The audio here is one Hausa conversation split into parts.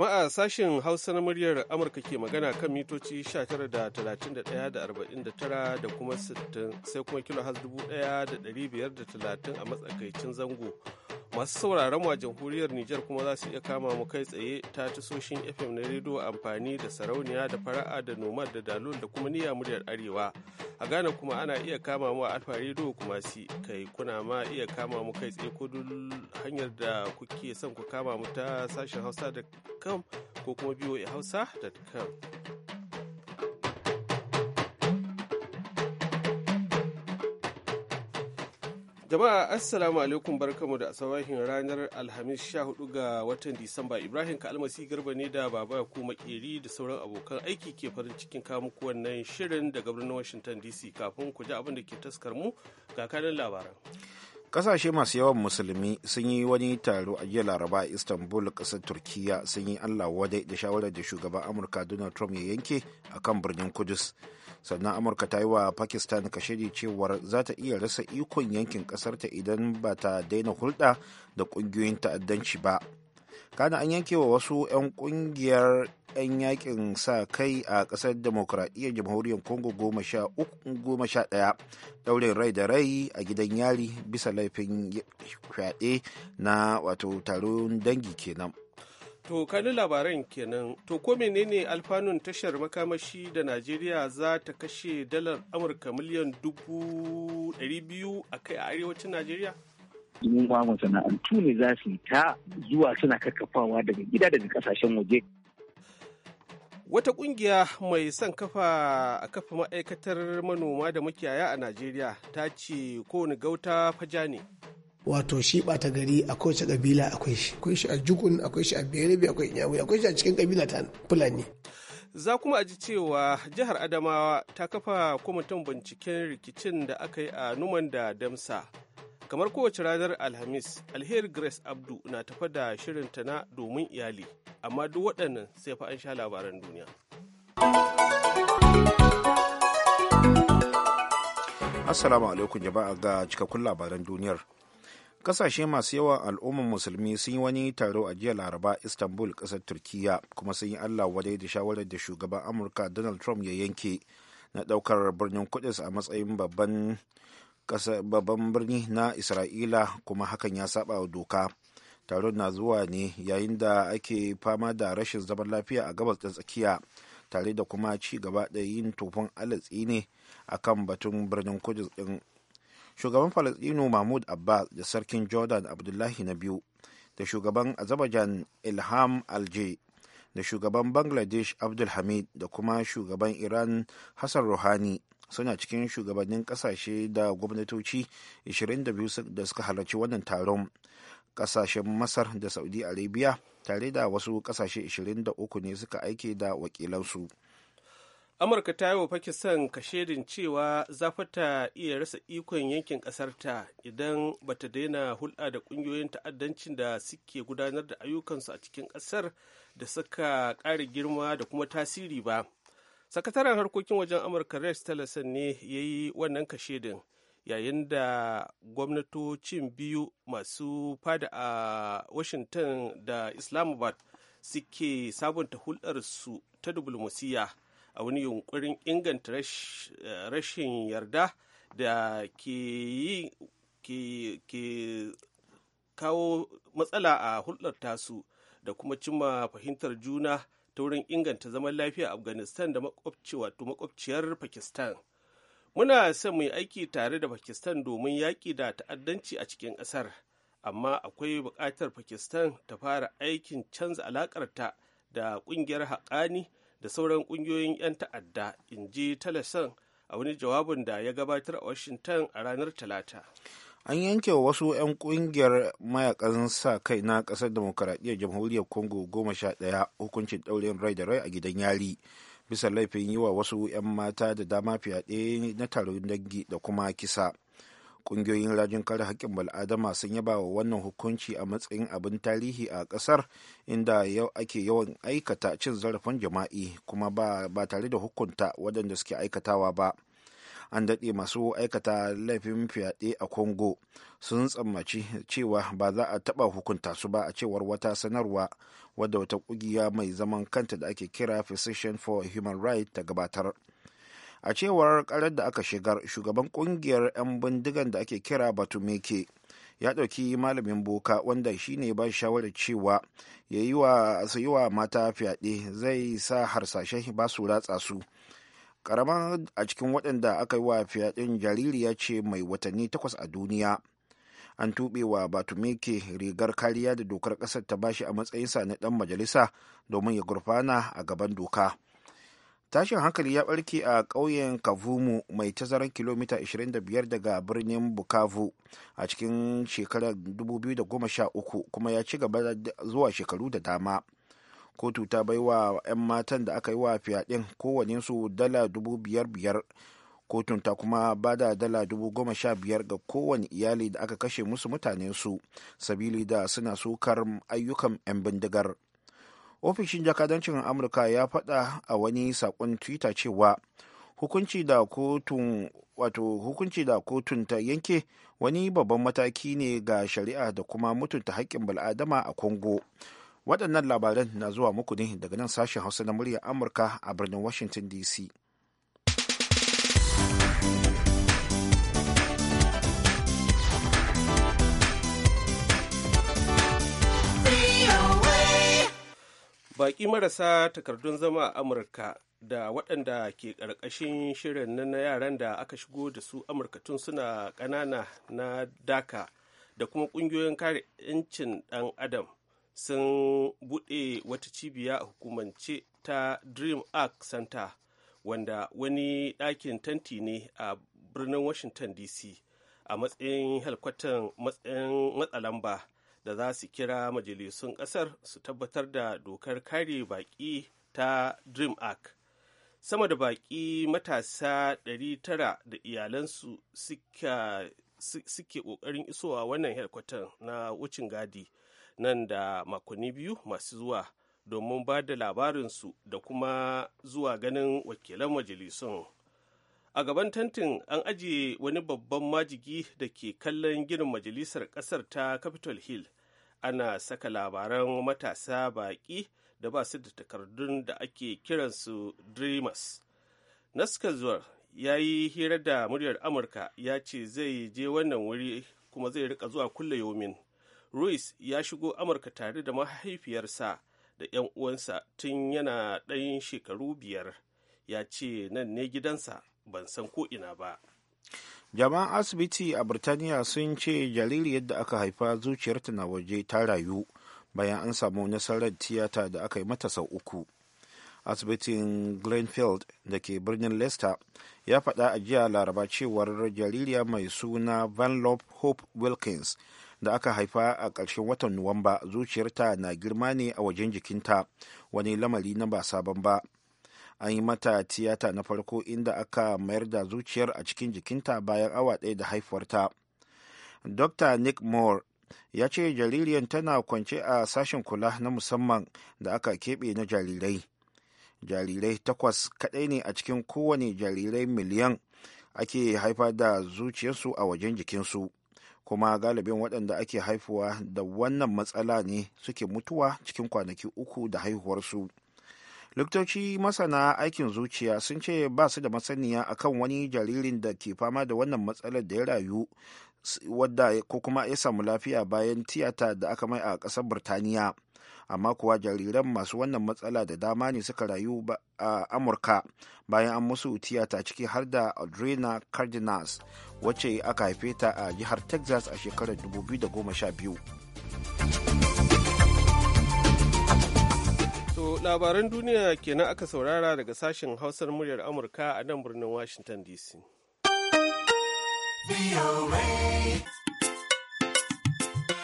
Jama'a sashen Hausa na muryar Amurka ke magana kan mitoci 19.31.49 da kuma 60 sai kuma kilo 1530 a matsakaicin zango. masu sauraron wa jamhuriyar Nijar kuma za su iya kama mu kai tsaye ta tasoshin FM na rediyo amfani da sarauniya da fara'a da nomad da dalol da kuma niyya muryar arewa. A Ghana kuma ana iya kama mu a alfa rediyo kuma si kai kuna ma iya kama mu kai tsaye ko duk hanyar da kuke son ku kama mu ta sashen hausa da kam ko kuma biyo kam. Jama'a Assalamu alaikum barkamu da asabahin ranar Alhamis sha hudu ga watan Disamba Ibrahim Kalmasi Garba ne da Baba kuma makeri da sauran abokan aiki ke farin cikin kamu wannan shirin da birnin Washington DC kafin ku ji abin da ke taskar mu ga kanin labaran. Kasashe masu yawan musulmi sun yi wani taro a jiya Laraba a Istanbul kasar Turkiya sun yi Allah wadai da shawarar da shugaban Amurka Donald Trump ya yanke akan birnin Kudus. sannan amurka ta yi wa pakistan kashedi cewar za ta iya rasa ikon yankin ƙasarta idan ba ta daina hulɗa da ƙungiyoyin ta'addanci ba kana an yanke wa wasu 'yan ƙungiyar 'yan yakin sa kai a ƙasar demokuraɗiyyar jamhuriyar congo goma sha ɗaya ɗaurin rai da rai a gidan yari bisa laifin fyaɗe na wato taron dangi kenan. To kani labaran kenan, to ko menene alfanun tashar makamashi da Najeriya za ta kashe dalar Amurka miliyan dubu ɗari biyu a kai a arewacin Najeriya? Mun masana'antu ne za su yi ta zuwa suna kakkafawa daga gida daga kasashen waje. Wata ƙungiya mai son kafa a kafa ma'aikatar manoma da makiyaya a Najeriya ta ce kowane gauta faja ne. wato shi ɓata gari a kowace ƙabila akwai shi akwai shi a jukun akwai shi a berebe akwai inyamu akwai shi a cikin ƙabila ta fulani za kuma a ji cewa jihar adamawa ta kafa kwamitin binciken rikicin da aka yi a numan da damsa kamar kowace ranar alhamis alheri grace abdu na tafa da ta na domin iyali amma duk waɗannan sai fa an sha labaran duniya assalamu alaikum jama'a ga cikakkun labaran duniyar kasashe masu yawan al'ummar musulmi sun yi wani taro a jiya laraba istanbul kasar turkiya kuma sun yi allah wadai da shawarar da shugaban amurka donald trump ya yanke na daukar birnin kudus a matsayin babban birni na isra'ila kuma hakan ya saba wa doka taron na zuwa ne yayin da ake fama da rashin zaman lafiya a gabas ɗin tsakiya tare da kuma ci gaba da yin tofin alatsi ne akan batun birnin kudus ɗin shugaban falasɗinu mahmud abbas da sarkin jordan abdullahi na biyu da shugaban azerbaijan ilham alje da shugaban bangladesh abdulhamid da kuma shugaban iran hassan rouhani suna cikin shugabannin kasashe da gwamnatoci 22 da suka halarci wannan taron kasashen masar da saudi arabia tare da wasu kasashe 23 ne suka aike da wakilansu amurka ta yi wa pakistan kashedin cewa za ta iya rasa ikon yankin ƙasarta idan ba ta daina hulɗa da ƙungiyoyin ta'addancin da suke gudanar da ayyukansu a cikin ƙasar da suka ƙara girma da kuma tasiri ba sakataren harkokin wajen amurka rex tillerson ne ya yi wannan kashedin yayin da gwamnatocin biyu masu fada a washington da islamabad suke sabunta hulɗarsu ta dubulmasiya a wani yunkurin inganta eh, rashin yarda da ke kawo matsala a hulɗar tasu da kuma cimma fahimtar juna ta wurin inganta zaman lafiya a afghanistan da makwabciyar pakistan muna son mu yi aiki tare da pakistan domin yaƙi da ta'addanci a cikin ƙasar amma akwai buƙatar pakistan ta fara aikin canza alaƙarta da ƙungiyar haƙani da sauran ƙungiyoyin 'yan ta'adda in ji talasan a wani jawabin da ya gabatar a washington a ranar talata an yanke wa wasu 'yan kungiyar mayakan sa kai na kasar demokaradiyyar jamhuriyar congo goma sha ɗaya hukuncin ɗaurin rai da rai a gidan yari bisa laifin yi wa wasu 'yan mata da dama fyaɗe na taron dangi da kuma kisa ƙungiyoyin rajin kare haƙƙin bal'adama sun yaba wa wannan hukunci a matsayin abin tarihi a ƙasar inda yau ake yawan aikata cin zarafin jama'i kuma ba tare da hukunta waɗanda suke aikatawa ba. an daɗe masu aikata laifin fyaɗe a congo sun tsammaci cewa ba za a taɓa hukunta su ba a cewar wata sanarwa wadda wata ƙungiya mai zaman kanta da ake kira physician for human rights ta gabatar a cewar karar da aka shigar shugaban kungiyar 'yan bindigan da ake kira batu batumeke ya ɗauki malamin boka wanda shine ba shawarar cewa ya yi wa mata fyaɗe zai sa harsashen ba su ratsa su karama a cikin waɗanda aka yi wa fyaɗen jaririya ce mai watanni takwas a duniya an tuɓe wa batumeke rigar kariya da dokar ƙasar ta bashi a matsayinsa na ɗan majalisa domin ya gurfana a gaban doka. tashin hankali ya barke a ƙauyen kavumu mai tazarar kilomita 25 daga birnin bukavu a cikin shekarar 2013 kuma ya ci gaba zuwa shekaru da dama kotu ta baiwa 'yan matan da aka yi wa kowane su dala 5,000 kotun ta kuma ba da dala dubu ga kowane iyali da aka kashe musu mutanensu sabili da suna sukar ayyukan 'yan bindigar ofishin jakadancin amurka ya faɗa a wani saƙon twitter cewa hukunci da kotun wato hukunci da kotun ta yanke wani babban mataki ne ga shari'a da kuma mutunta haƙƙin bal'adama a congo waɗannan labaran na zuwa muku ne daga nan sashen hausa na muryar amurka a birnin washington dc baƙi marasa takardun zama a amurka da waɗanda ke ƙarƙashin shirin na yaran da aka shigo da su amurka tun suna ƙanana na daka da kuma ƙungiyoyin kare 'yancin ɗan adam sun buɗe wata cibiya a hukumance ta dream arc center wanda wani ɗakin tanti ne a birnin washington dc a matsayin helkwatan matsalan matsalamba da za su kira majalisun ƙasar su tabbatar da dokar kare baƙi ta dream act sama da baƙi matasa 900 da iyalansu suke ƙoƙarin isowa wannan helkwatar na wucin gadi nan da makonni biyu masu zuwa domin ba da labarinsu da kuma zuwa ganin wakilan majalisun a gaban tantin an ajiye wani babban majigi da ke kallon ginin majalisar ƙasar ta capitol hill ana saka labaran matasa baƙi da ba su da takardun da ake kiransu dreamers naskar zuwa ya yi hira da muryar amurka ya ce zai je wannan wuri kuma zai rika zuwa kulle yomin ruiz ya shigo amurka tare da mahaifiyarsa da 'yan uwansa tun yana ɗan shekaru biyar ya ce nan ne gidansa ban san ko ina ba jama'an asibiti a birtaniya sun ce jariri yadda aka haifa zuciyarta na waje ta rayu bayan an samu nasarar tiyata da aka yi mata sau uku asibitin glenfield da ke birnin leicester ya faɗa a jiya laraba cewar jaririya mai suna vanlop hope wilkins da aka haifa a ƙarshen watan nuwamba zuciyarta na girma ne a wajen jikinta wani lamari na ba sabon ba an yi mata tiyata na farko inda aka mayar da zuciyar a cikin jikinta bayan awa ɗaya da haifuwarta dr nick moore ya ce jaririyar tana kwance a sashen kula na musamman da aka keɓe na jarirai jarirai takwas kaɗai ne a cikin kowane jarirai miliyan ake haifa da zuciyarsu a wajen jikinsu kuma galibin waɗanda ake haifuwa da wannan matsala ne suke mutuwa cikin kwanaki uku da haihuwarsu likitoci masana aikin zuciya sun ce ba su da masaniya akan wani jaririn da ke fama da wannan matsalar da ya rayu wadda ko kuma ya samu lafiya bayan tiyata da aka mai a ƙasar birtaniya amma kuwa jariran masu wannan matsala da dama ne suka rayu a amurka bayan an musu tiyata ciki har da adrena cardinals wacce aka haife ta a jihar texas a shekarar 2012 labaran duniya kenan aka saurara daga sashen hausar muryar Amurka a nan birnin Washington DC.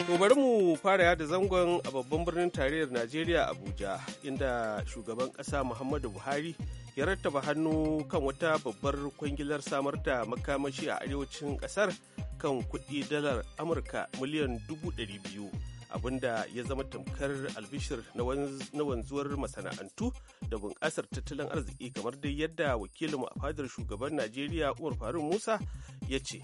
To bari mu fara yada zangon a babban birnin tarayyar Najeriya Abuja inda shugaban ƙasa Muhammadu Buhari ya rattaba hannu kan wata babbar kwangilar samar da makamashi a arewacin ƙasar kan kuɗi dalar Amurka miliyan dubu ɗari biyu. abinda ya zama tamkar albishir na wanzuwar masana'antu da bunƙasar tattalin arziki kamar dai yadda wakilinmu a fadar shugaban najeriya umar faru musa ya ce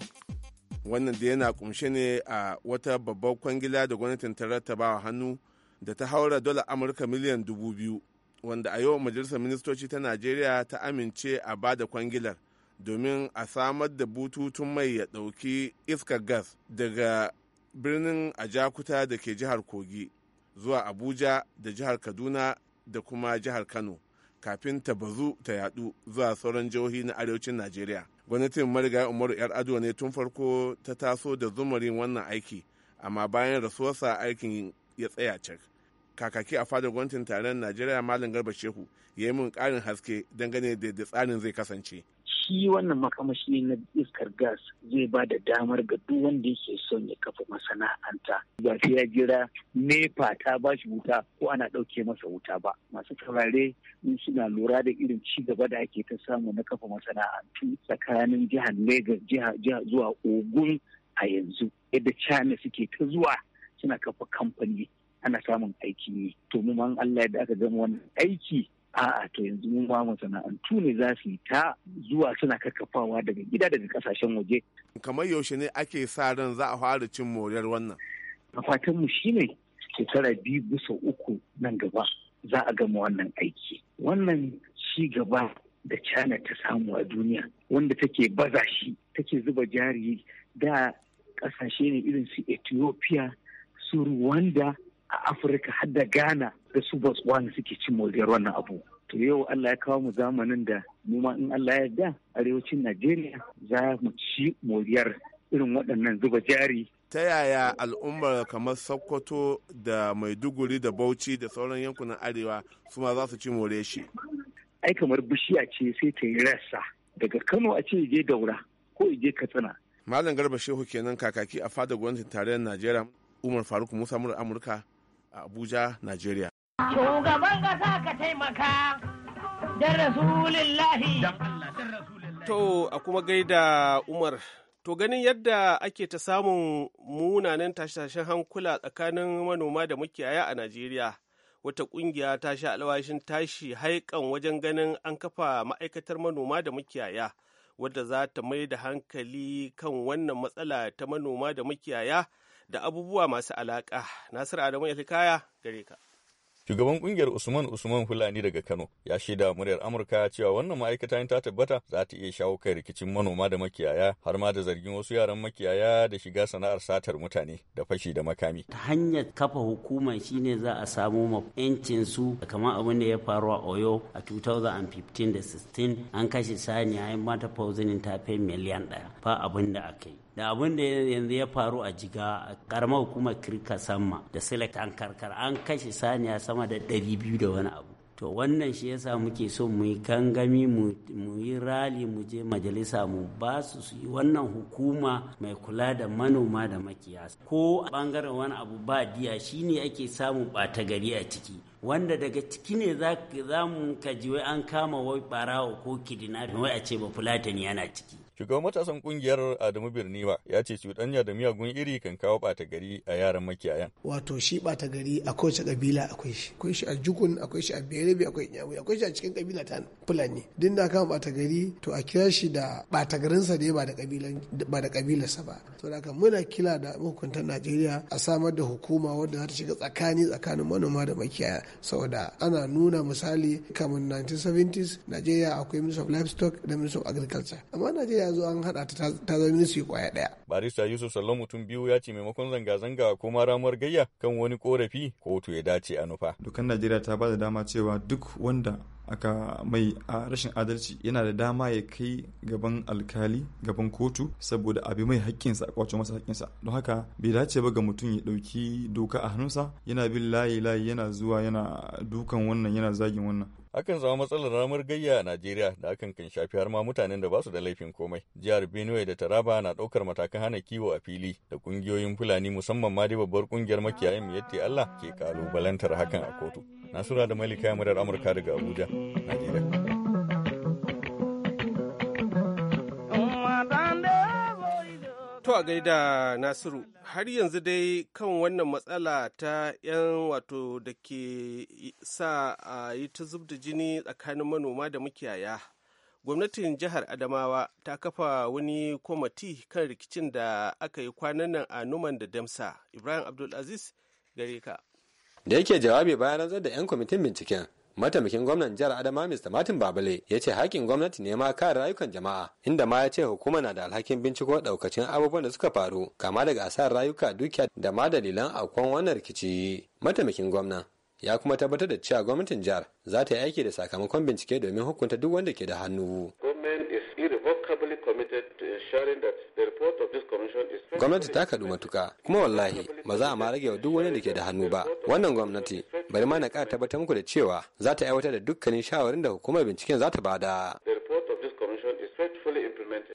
wannan da yana kumshe ne a wata babbar kwangila da gwamnatin ta rattabawa hannu da ta haura dola amurka miliyan dubu biyu wanda a yau majalisar ministoci ta najeriya ta amince a ba da kwangilar domin a samar da bututun mai ya ɗauki iskar gas daga birnin ajakuta da ke jihar kogi zuwa abuja da jihar kaduna da kuma jihar kano kafin ta bazu ta yadu zuwa sauran jihohi na arewacin najeriya gwamnatin marigaya umaru yar ado ne tun farko ta taso da zumarin wannan aiki amma bayan rasuwarsa aikin ya tsaya cak kakaki a fadar gwamnatin taron najeriya malam garba shehu ya yi min karin haske dangane da tsarin zai kasance shi wannan makamashi na iskar gas zai ba da damar ga duk wanda yake son ya kafa masana'anta ba ya jira nepa ta ba shi wuta ko ana ɗauke masa wuta ba masu turare suna lura da irin ci gaba da ake ta samu na kafa masana'antu tsakanin jihar Legas zuwa Ogun a yanzu yadda China suke ta zuwa suna kafa kamfani ana samun aiki ne to mu Allah yadda aka gama wannan aiki a'a to yanzu mun ma masana'antu ne za su yi ta zuwa suna kakkafawa daga gida daga kasashen waje kamar yaushe ne ake sa ran za a fara cin moriyar wannan fatan mu ne shekara biyu bisa uku nan gaba za a gama wannan aiki wannan ci gaba da china ta samu a duniya wanda take baza shi take zuba jari da kasashe ne irin su ethiopia su rwanda a afirka har da ghana da su botswana suke cin moriyar wannan abu to yau allah ya kawo mu zamanin da mu ma in allah ya yarda arewacin najeriya za mu ci moriyar irin waɗannan zuba jari ta yaya al'ummar kamar sokoto da maiduguri da bauchi da sauran yankunan arewa su ma za su ci more shi ai kamar bishiya ce sai ta yi rasa. daga kano a ce je daura ko je katsina malam garba shehu kenan kakaki a fadar gwamnatin tarayyar najeriya umar faruk musa mura amurka a Abuja, Najeriya. Shugaban ƙasa ka taimaka da Rasulillahi. To, a kuma gaida Umar. To ganin yadda ake ta samun munanan tashashen hankula tsakanin manoma da makiyaya a Najeriya, wata ƙungiya ta sha alwashin tashi haikan wajen ganin an kafa ma'aikatar manoma da makiyaya, wadda za ta mai da hankali kan wannan matsala ta manoma da makiyaya da abubuwa masu alaƙa nasiru adamu ya kaya gare ka Shugaban kungiyar Usman Usman Fulani daga Kano ya shaida muryar Amurka cewa wannan ma'aikata ta tabbata za ta iya shawo kai rikicin manoma da makiyaya har ma da zargin wasu yaran makiyaya da shiga sana'ar satar mutane da fashi da makami. Ta hanyar kafa hukuma shine za a samo ma yancin su kamar abin da ya faru a Oyo a 2015 da 16 an kashe saniya ya mata fauzinin ta miliyan ɗaya fa abin da aka yi. da abin da yanzu ya faru a jiga karamar hukumar kirka sama da select an karkar an kashe saniya sama da biyu da wani abu to wannan shi yasa muke so mu yi gangami mu yi rali mu je majalisa mu ba su su yi wannan hukuma mai kula da manoma da makiyasa ko a bangaren wani abu ba diya shine ake samun bata gari a ciki wanda daga ciki ne za mu kaji wai an kama wai barawo ko kidina wai a ce ba fulatani yana ciki Shugaban matasan kungiyar Adamu birni ba ya ce cuɗanya da miyagun iri kan kawo ɓata gari a yaran makiyayan. Wato shi ɓata gari a kowace kabila akwai shi. Akwai shi a Jukun, akwai shi a Berebe, akwai Inyamuri, akwai shi a cikin kabila ta Fulani. Din da kama ɓata gari to a kira shi da ɓata garinsa ne ba da kabilan ba da kabilarsa ba. To da muna kila da mahukuntan Najeriya a samar da hukuma wadda za ta shiga tsakani tsakanin manoma da makiyaya saboda ana nuna misali kamar 1970s Najeriya akwai Ministry of Livestock da Ministry of Agriculture. Amma Najeriya zo an haɗa ta ta zama ministry kwaya ɗaya. Barista Yusuf Sallon mutum biyu ya ce maimakon zanga-zanga ko ma ramuwar gayya kan wani korafi kotu ya dace a nufa. Dukan Najeriya ta ba da dama cewa duk wanda aka mai a rashin adalci yana da dama ya kai gaban alkali gaban kotu saboda abi mai hakkinsa a kwace masa hakkinsa don haka bai dace ba ga mutum ya dauki doka a hannunsa yana bin layi layi yana zuwa yana dukan wannan yana zagin wannan akan zama matsalar ramar gayya a Najeriya da akan kan shafi har ma mutanen da ba su da laifin komai. Jihar Benue da Taraba na ɗaukar matakan hana kiwo a fili da ƙungiyoyin Fulani musamman ma dai babbar ƙungiyar makiyayin Miyatti Allah ke ƙalubalantar hakan a kotu. Nasura da Malika Yamurar Amurka daga Abuja, Najeriya. To a gaida Nasiru, har yanzu dai kan wannan matsala ta 'yan wato da ke sa a yi ta zub da jini tsakanin manoma da makiyaya. Gwamnatin jihar Adamawa ta kafa wani kwamati kan rikicin da aka yi kwanan nan a Numan da Damsa. Ibrahim Abdulaziz gare ka. Da yake jawabi bayan rantsar da 'yan kwamitin binciken, mataimakin gwamnan jihar adama mr martin babale ya ce hakin gwamnati ne ma kare rayukan jama'a inda ma ya ce hukuma na da alhakin binciko daukacin abubuwan da suka faru kama daga asarar rayuka dukiya da ma dalilan akwai wannan rikici mataimakin Gwamna ya kuma tabbatar da cewa gwamnatin jihar za ta yi aiki da sakamakon bincike domin hukunta duk wanda ke da hannu. Government is irrevocably committed to ensuring that Gwamnati ta kaɗu matuka kuma wallahi ba za a ma rage wa duk wani da ke da hannu ba. Wannan gwamnati bari ma na ƙara tabbatar muku da cewa za ta aiwatar da dukkanin shawarin da hukumar binciken za ta bada.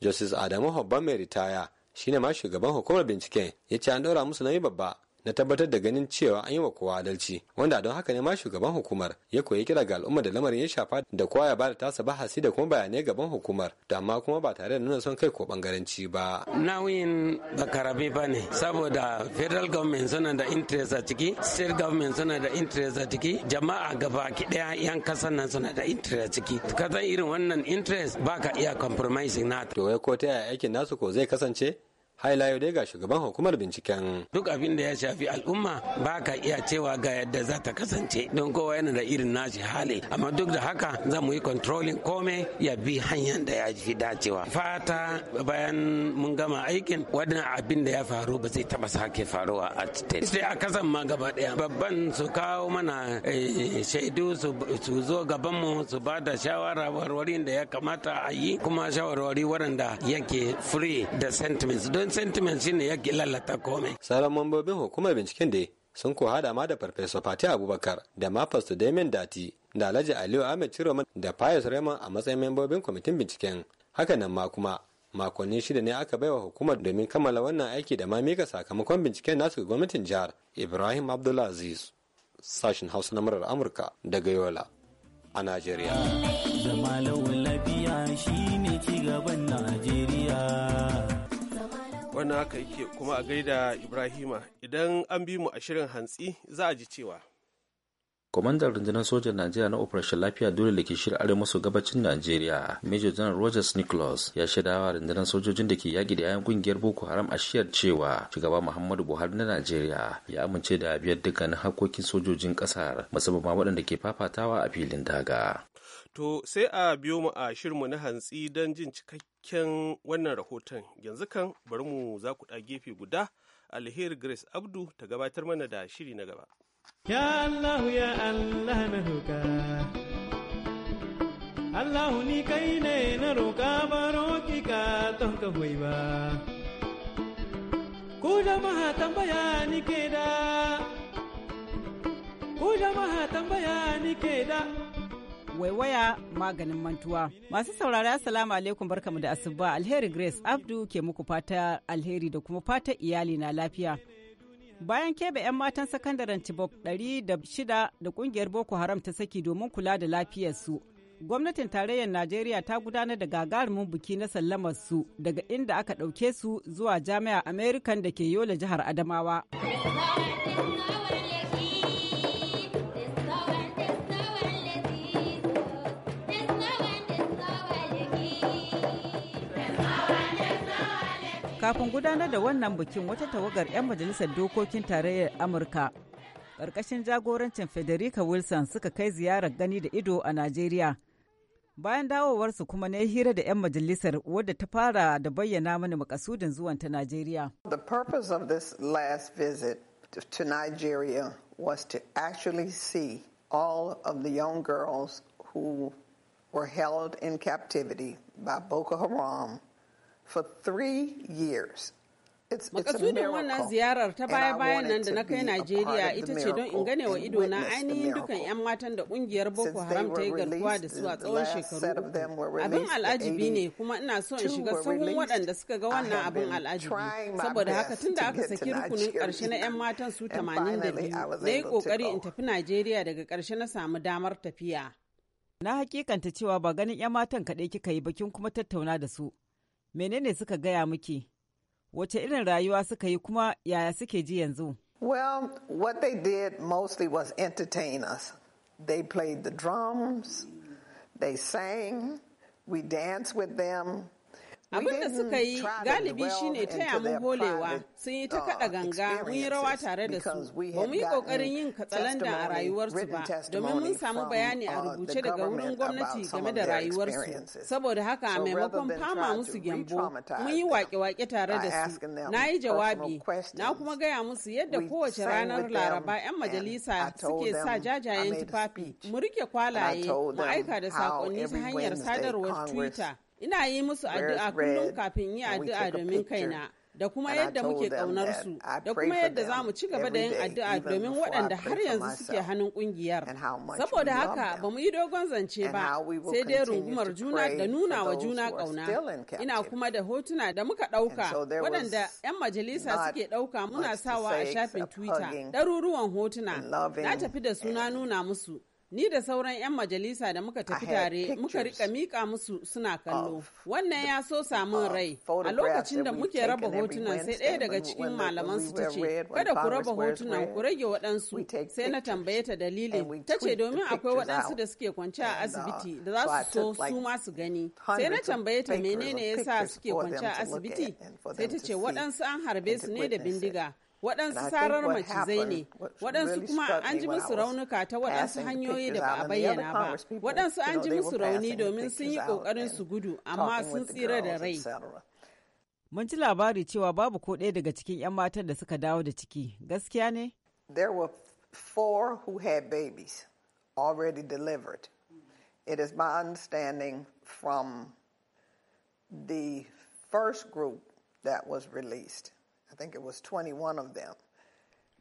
Justice Adamu Hobban mai ritaya shine ma shugaban hukumar binciken ya ce an ɗaura musu nauyi babba na tabbatar da ganin cewa an yi wa kowa adalci wanda don haka ne ma shugaban hukumar ya koyi kira ga al'umma da lamarin ya shafa da kowa ya bada tasa bahasi da kuma bayanai gaban hukumar da amma kuma ba tare da nuna son kai ko bangaranci ba. Nauyin ba karabe ba ne saboda federal government suna da interest a ciki state government suna da interest a ciki jama'a gaba ki daya yan kasan nan suna da interest a ciki Ka san irin wannan interest baka iya compromising na. To wai ko ta yaya aikin nasu ko zai kasance hailayo dai ga shugaban hukumar binciken duk abin da ya shafi al'umma ba ka iya cewa ga yadda za ta kasance don kowa yana da irin nashi hali amma duk da haka za mu yi controlling kome ya bi hanyar da ya fi dacewa fata bayan mun gama aikin wadannan abin da ya faru ba zai taba sake faruwa a state sai a kasan ma gaba daya babban su kawo mana eh, shaidu su zo gaban mu su ba da shawara warwarin da ya kamata a yi kuma shawarwari waɗanda yake free da sentiments don wannan sentiment shine ya lalata komai sauran mambobin hukumar binciken da sun ko hada ma da farfesa fati abubakar da ma da damien dati da alhaji aliyu ahmed ciroman da pius raymond a matsayin mambobin kwamitin binciken nan ma kuma makonni shida ne aka baiwa hukumar domin kammala wannan aiki da ma mika sakamakon binciken nasu ga gwamnatin jihar ibrahim abdulaziz sashen hausa na murar amurka daga yola a najeriya zama lafiya ci gaban najeriya sakon haka yake kuma a gaida Ibrahima idan an bi mu a shirin hantsi za a ji cewa. Kwamandan rundunar sojan Najeriya na Operation Lafiya dole da ke shirya arewa maso gabacin Najeriya, Major General Rogers Nicholas ya shaidawa rundunar sojojin da ke yaƙi da yayan ƙungiyar Boko Haram a shiyar cewa shugaba Muhammadu Buhari na Najeriya ya amince da biyar dukkanin hakokin sojojin ƙasar musamman ma waɗanda ke fafatawa a filin daga. To sai a biyo mu a shirmu na hantsi don jin cikakken cikakken wannan rahoton yanzu kan bari mu za ku gefe guda alheri grace abdu ta gabatar mana da shiri na gaba ya allah ya allah na roka allah ni kai ne na roka baro ki ka ton ka hoyi ba ku jama'a tambaya ni ke da ku jama'a tambaya ni ke da waiwaya maganin mantuwa. Masu saurari assalamu alaikum barkamu da asuba alheri Grace Abdu ke muku fata alheri da kuma fata iyali na lafiya. Bayan keɓe 'yan matan sakandaren Chibok 106 da ƙungiyar Boko Haram ta saki domin kula da lafiyarsu. Gwamnatin tarayyar Najeriya ta gudanar da gagarumin biki na sallamar su daga inda aka ɗauke su zuwa jami'a American da ke Yola jihar Adamawa. kafin gudanar da wannan bikin wata tawagar 'yan majalisar dokokin tarayyar amurka ƙarƙashin jagorancin federica wilson suka kai ziyarar gani da ido a najeriya bayan dawowarsu kuma na hira da 'yan majalisar wadda ta fara da bayyana mana makasudin zuwan ta najeriya the last visit to was to actually see all of the young girls who were held in captivity by boko haram for three years. Makasudin wannan ziyarar ta baya-bayan nan da na kai Najeriya ita ce don in gane wa ido na ainihin dukan 'yan matan da kungiyar Boko Haram ta yi garkuwa da su a tsawon shekaru. Abin al'ajibi ne kuma ina so in shiga sahun waɗanda suka ga wannan abin al'ajibi. Saboda haka tun da aka saki rukunin ƙarshe na 'yan matan su 82 na yi ƙoƙari in tafi Najeriya daga ƙarshe na samu damar tafiya. Na hakikanta cewa ba ganin 'yan matan kaɗai kika yi bakin kuma tattauna da su. menene suka gaya miki wace irin rayuwa suka yi kuma yaya suke ji yanzu well what they did mostly was entertain us they played the drums they sang we danced with them Abin da suka yi galibi shine taya mu holewa sun yi ta uh, kaɗa ganga mun yi rawa tare da su ba mu yi ƙoƙarin yin katsalanda a rayuwarsu ba domin mun samu bayani a uh, rubuce daga wurin gwamnati game da rayuwarsu saboda haka a maimakon fama musu gyambo mun yi wake-wake tare da su na yi jawabi na kuma gaya musu yadda kowace ranar laraba 'yan majalisa suke sa jajayen tufafi mu rike kwalaye mu aika da saƙonni ta hanyar sadarwar twitter Ina yi musu addu'a kullum kafin yi addu'a domin kaina. da kuma yadda muke kaunar su da kuma yadda za mu ci gaba da yin addu'a domin waɗanda har yanzu suke hannun kungiyar saboda haka ba mu yi dogon zance ba sai dai rungumar juna da nuna wa juna ƙauna ina kuma da hotuna da muka ɗauka waɗanda 'yan majalisa suke ɗauka muna sawa a shafin twitter ɗaruruwan hotuna na tafi da suna nuna musu Ni da sauran 'yan majalisa da muka tafi tare muka rika mika musu suna kallo. Wannan ya so samun uh, rai. A lokacin da muke raba hotunan sai ɗaya daga cikin malaman su ta ce, kada ku raba hotunan ku rage waɗansu sai na tambaye ta dalilin. Ta ce domin akwai waɗansu da suke kwance a uh, asibiti da za su so su ma su gani. Sai na tambaye ta menene ya sa suke kwance a asibiti? Sai ta ce waɗansu an harbe su ne da bindiga. waɗansu sarar macizai ne waɗansu kuma an ji musu raunuka ta waɗansu hanyoyi da ba a bayyana ba waɗansu an ji musu rauni domin sun yi ƙoƙarin su gudu amma sun tsira da rai mun ji labari cewa babu ko ɗaya daga cikin 'yan matan da suka dawo da ciki gaskiya ne there were four who had babies already delivered it is my understanding from the first group that was released I think it was 21 of them.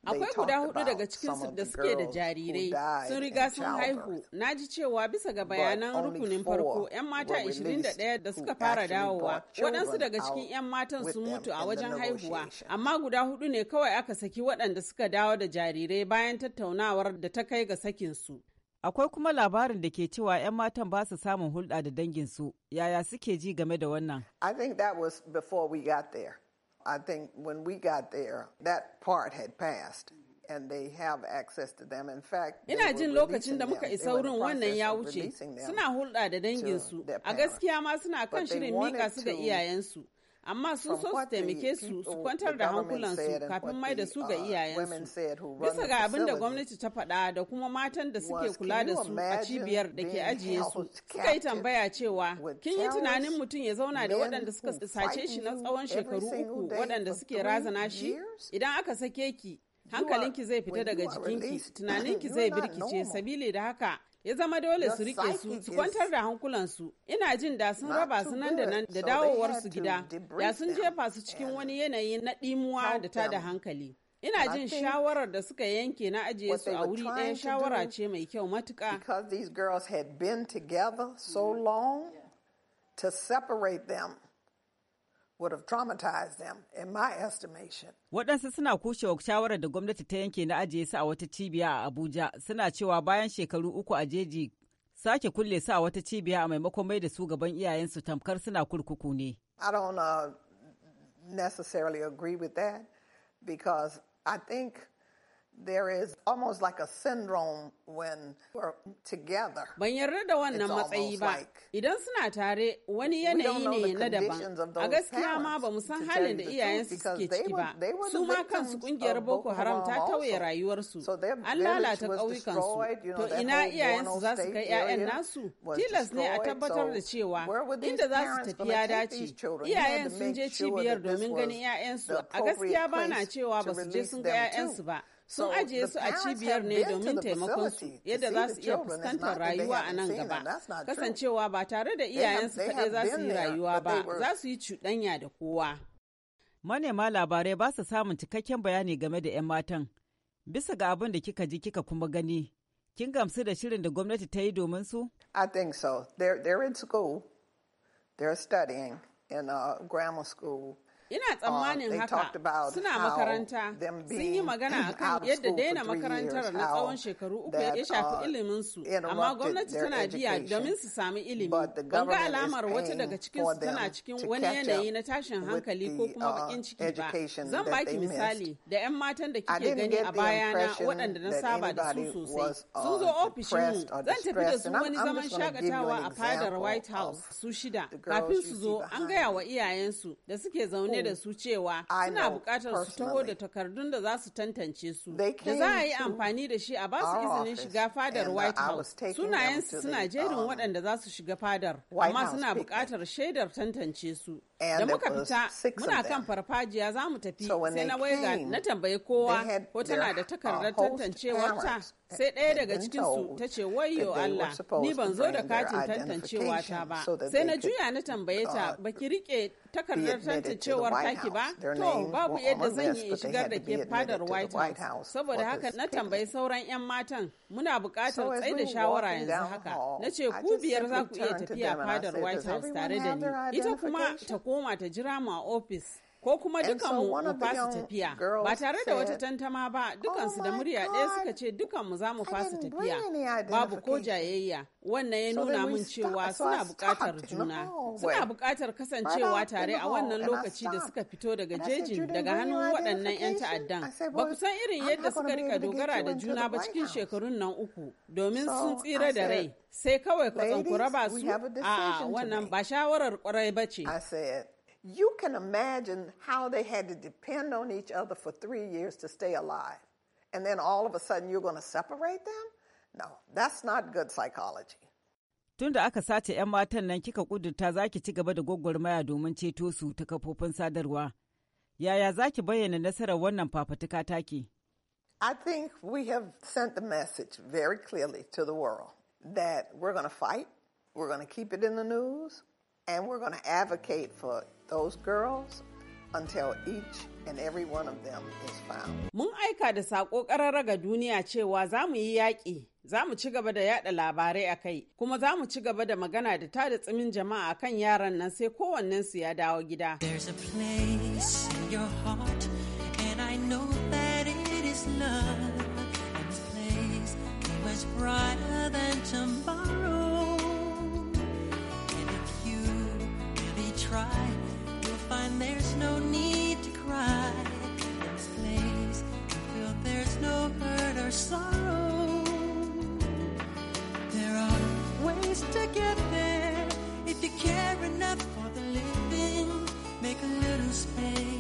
Akwai guda hudu daga cikinsu da suke da jarirai sun riga sun haihu. Na ji cewa bisa ga bayanan rukunin farko 'yan mata 21 da suka fara dawowa, waɗansu daga cikin 'yan matan sun mutu a wajen haihuwa, amma guda hudu ne kawai aka saki waɗanda suka dawo da jarirai bayan tattaunawar da ta kai ga sakinsu. Akwai kuma labarin da ke cewa 'yan matan ba su samun hulɗa da danginsu, yaya suke ji game da wannan? I think that was before we got there. I think when we got there, that part had passed. And they have access to them. In fact, ina jin lokacin da muka isa wurin wannan ya wuce suna hulɗa da danginsu a gaskiya ma suna kan shirin mika su ga iyayensu amma sun so su taimake su su kwantar da hankulansu kafin mai da su ga uh, iyayensu. Bisa ga abin da gwamnati ta faɗa da kuma matan da suke kula da su a cibiyar da ke ajiye su suka yi tambaya cewa kin yi tunanin mutum ya zauna da waɗanda suka sace shi na tsawon shekaru uku waɗanda suke razana shi idan aka sake ki hankalinki zai fita daga jikinki tunaninki zai birkice sabili da haka ya zama dole su rike su su kwantar da hankulansu ina jin da sun raba su nan da nan da dawowar su gida da sun jefa su cikin wani yanayi na ɗimuwa da ta da hankali ina jin shawarar da suka yanke na ajiye su a wuri ɗaya shawara ce mai kyau matuka. because these girls had been so mm-hmm. long to separate them would have traumatized them, in my estimation. Waɗansu suna kushewa shawarar da gwamnati ta yanke na ajiye su a wata cibiya a Abuja, suna cewa bayan shekaru uku a jeji sake kulle su a wata cibiya a maimakon mai da su gaban iyayensu tamkar suna kurkuku ne. I don't uh, necessarily agree with that because I think there is almost like a syndrome when we're together. Ban yarda da wannan matsayi ba. Idan suna tare wani yanayi ne na daban. A gaskiya ma ba mu san halin da iyayensu suke ciki ba. Su ma kansu kungiyar Boko Haram ta tauye rayuwarsu. An lalata ƙauyukansu. To ina iyayensu za su kai 'ya'yan nasu? Tilas ne a tabbatar da cewa inda za su tafi ya dace. Iyayen sun je cibiyar domin ganin 'ya'yansu. A gaskiya ba na cewa ba su je sun ga 'ya'yansu ba. sun ajiye su a cibiyar ne domin taimakon su yadda za su iya fuskantar rayuwa a nan gaba kasancewa ba tare da iyayensu kaɗai za su yi rayuwa ba za su yi cuɗanya da kowa manema labarai ba su samun cikakken bayani game da 'yan matan bisa ga abin da kika ji kika kuma gani kin gamsu da shirin da gwamnati ta yi domin su they're, in school they're studying in a grammar school Ina uh, tsammanin haka suna makaranta sun yi magana akan yadda daina makarantar na tsawon shekaru uku ya shafi uh, iliminsu amma gwamnati tana biya domin su sami ilimi. Ban ga alamar wata daga cikinsu tana cikin wani yanayi na tashin hankali ko kuma uh, bakin ciki ba. Zan baki misali da 'yan matan da kike gani a bayana waɗanda na saba da su sosai. Sun zo ofishinmu zan tafi da su wani zaman shakatawa a fadar White House su shida kafin su zo an gaya wa iyayensu da suke zaune sane da su cewa suna bukatar su taho da takardun da za su tantance su da za a yi amfani da shi a ba su izinin shiga fadar White House. Sunayensu suna jerin um, waɗanda za su shiga fadar, amma suna bukatar shaidar tantance su. Da muka fita muna kan farfajiya za mu tafi sai na waiga na tambayi kowa ko tana da takardar tantancewarta sai ɗaya daga cikinsu ta ce wayo Allah ni ban zo da katin tantancewa ta ba sai na juya na tambaye ta baki rike takardar tantancewa dawowar taki ba? To, babu yadda zan yi shigar da ke fadar White House. Saboda haka na tambayi sauran 'yan matan muna buƙatar da shawara yanzu haka. Na ce ku biyar za ku iya tafiya fadar White House tare da ni. Ita kuma ta koma ta jira mu a ofis. ko kuma dukanmu mu fasa tafiya ba tare da wata tantama ba oh dukansu da murya ɗaya suka ce dukanmu za mu fasa tafiya babu ko jayayya wannan ya nuna mun cewa suna buƙatar juna suna buƙatar kasancewa tare a wannan lokaci da suka fito daga jejin daga hannun waɗannan 'yan ta'addan ba ku san irin yadda suka rika dogara da juna ba cikin shekarun nan uku domin sun tsira da rai sai kawai ka tsankura ba su a wannan ba shawarar kwarai ba ce You can imagine how they had to depend on each other for three years to stay alive. And then all of a sudden you're going to separate them? No, that's not good psychology. Tun da aka sace 'yan matan nan kika kudurta za ki ci gaba da gwagwarmaya domin ceto su ta kafofin sadarwa. Yaya za ki bayyana nasarar wannan fafatuka I think we have sent the message very clearly to the world that we're going to fight, we're going to keep it in the news, and we're going to advocate for those girls until each and every one of them is found. Mun aika da ga duniya cewa za mu yi yaƙi, za mu ci gaba da yada labarai a kai, kuma za mu ci gaba da magana da tsimin jama'a yaran nan sai ya dawo gida. There's a place in your heart and I know that it is love. And this place much brighter than tomorrow. And if you really try find there's no need to cry in this place. I feel there's no hurt or sorrow. There are ways to get there if you care enough for the living. Make a little space.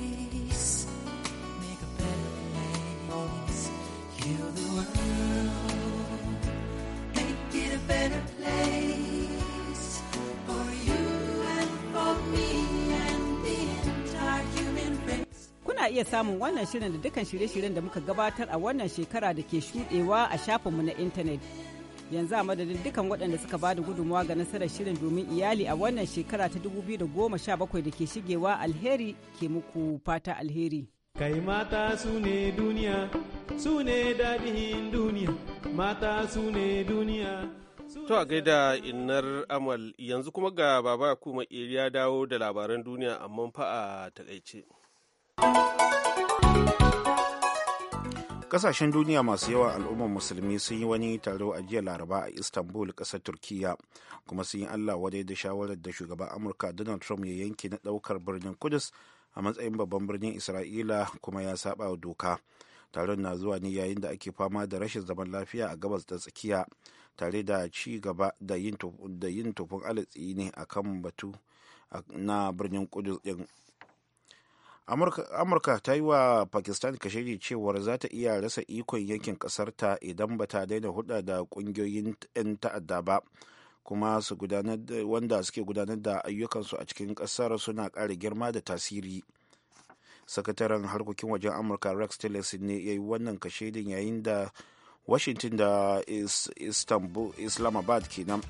a iya samun wannan shirin da dukkan shirye-shiryen da muka gabatar a wannan shekara da ke shuɗewa a shafinmu na intanet. Yanzu a madadin dukkan waɗanda suka bada gudunmawa ga nasarar shirin domin iyali a wannan shekara ta 2017 da ke shigewa alheri ke muku fata alheri. Kai mata su ne duniya, su ne daɗin duniya, mata su ne duniya. To a gaida innar amal yanzu kuma ga baba kuma iriya dawo da labaran duniya amma fa a takaice. Kasashen duniya masu yawa al'ummar musulmi sun yi wani taro a jiya laraba a Istanbul ƙasar Turkiyya kuma sun yi Allah wadai da shawarar da shugaban Amurka Donald Trump ya yanke na ɗaukar birnin Kudus a matsayin babban birnin Isra'ila kuma ya saba wa doka. Taron na zuwa ne yayin da ake fama da rashin zaman lafiya a gabas da tsakiya tare da ci gaba da yin tufin alatsi ne akan batu na birnin Kudus din. amurka ta yi wa pakistan kashedi cewar za ta iya rasa ikon yankin ƙasarta idan ba ta daina hulɗa da ƙungiyoyin 'yan ta'adda ba kuma su gudanar wanda suke gudanar da ayyukansu a cikin ƙasar suna ƙara girma da tasiri sakataren harkokin wajen amurka rex tillerson ne ya yi wannan kashedin yayin da washington da istanbul islamabad kenan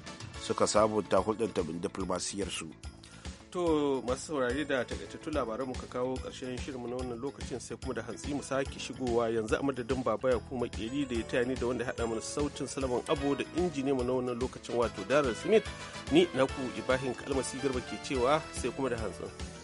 suka sabunta hulɗar diplomasiyarsu. su To masu saurari da takaitattun labaran ka kawo ƙarshen shirinmu na wannan lokacin sai kuma da hantsi mu sake shigowa yanzu a madadin baba ya kuma keri da ya taya ni da wanda haɗa mana sautin salaman abu da injini mu na wannan lokacin wato darar smith ni naku ibrahim kalmasi garba ke cewa sai kuma da hantsin.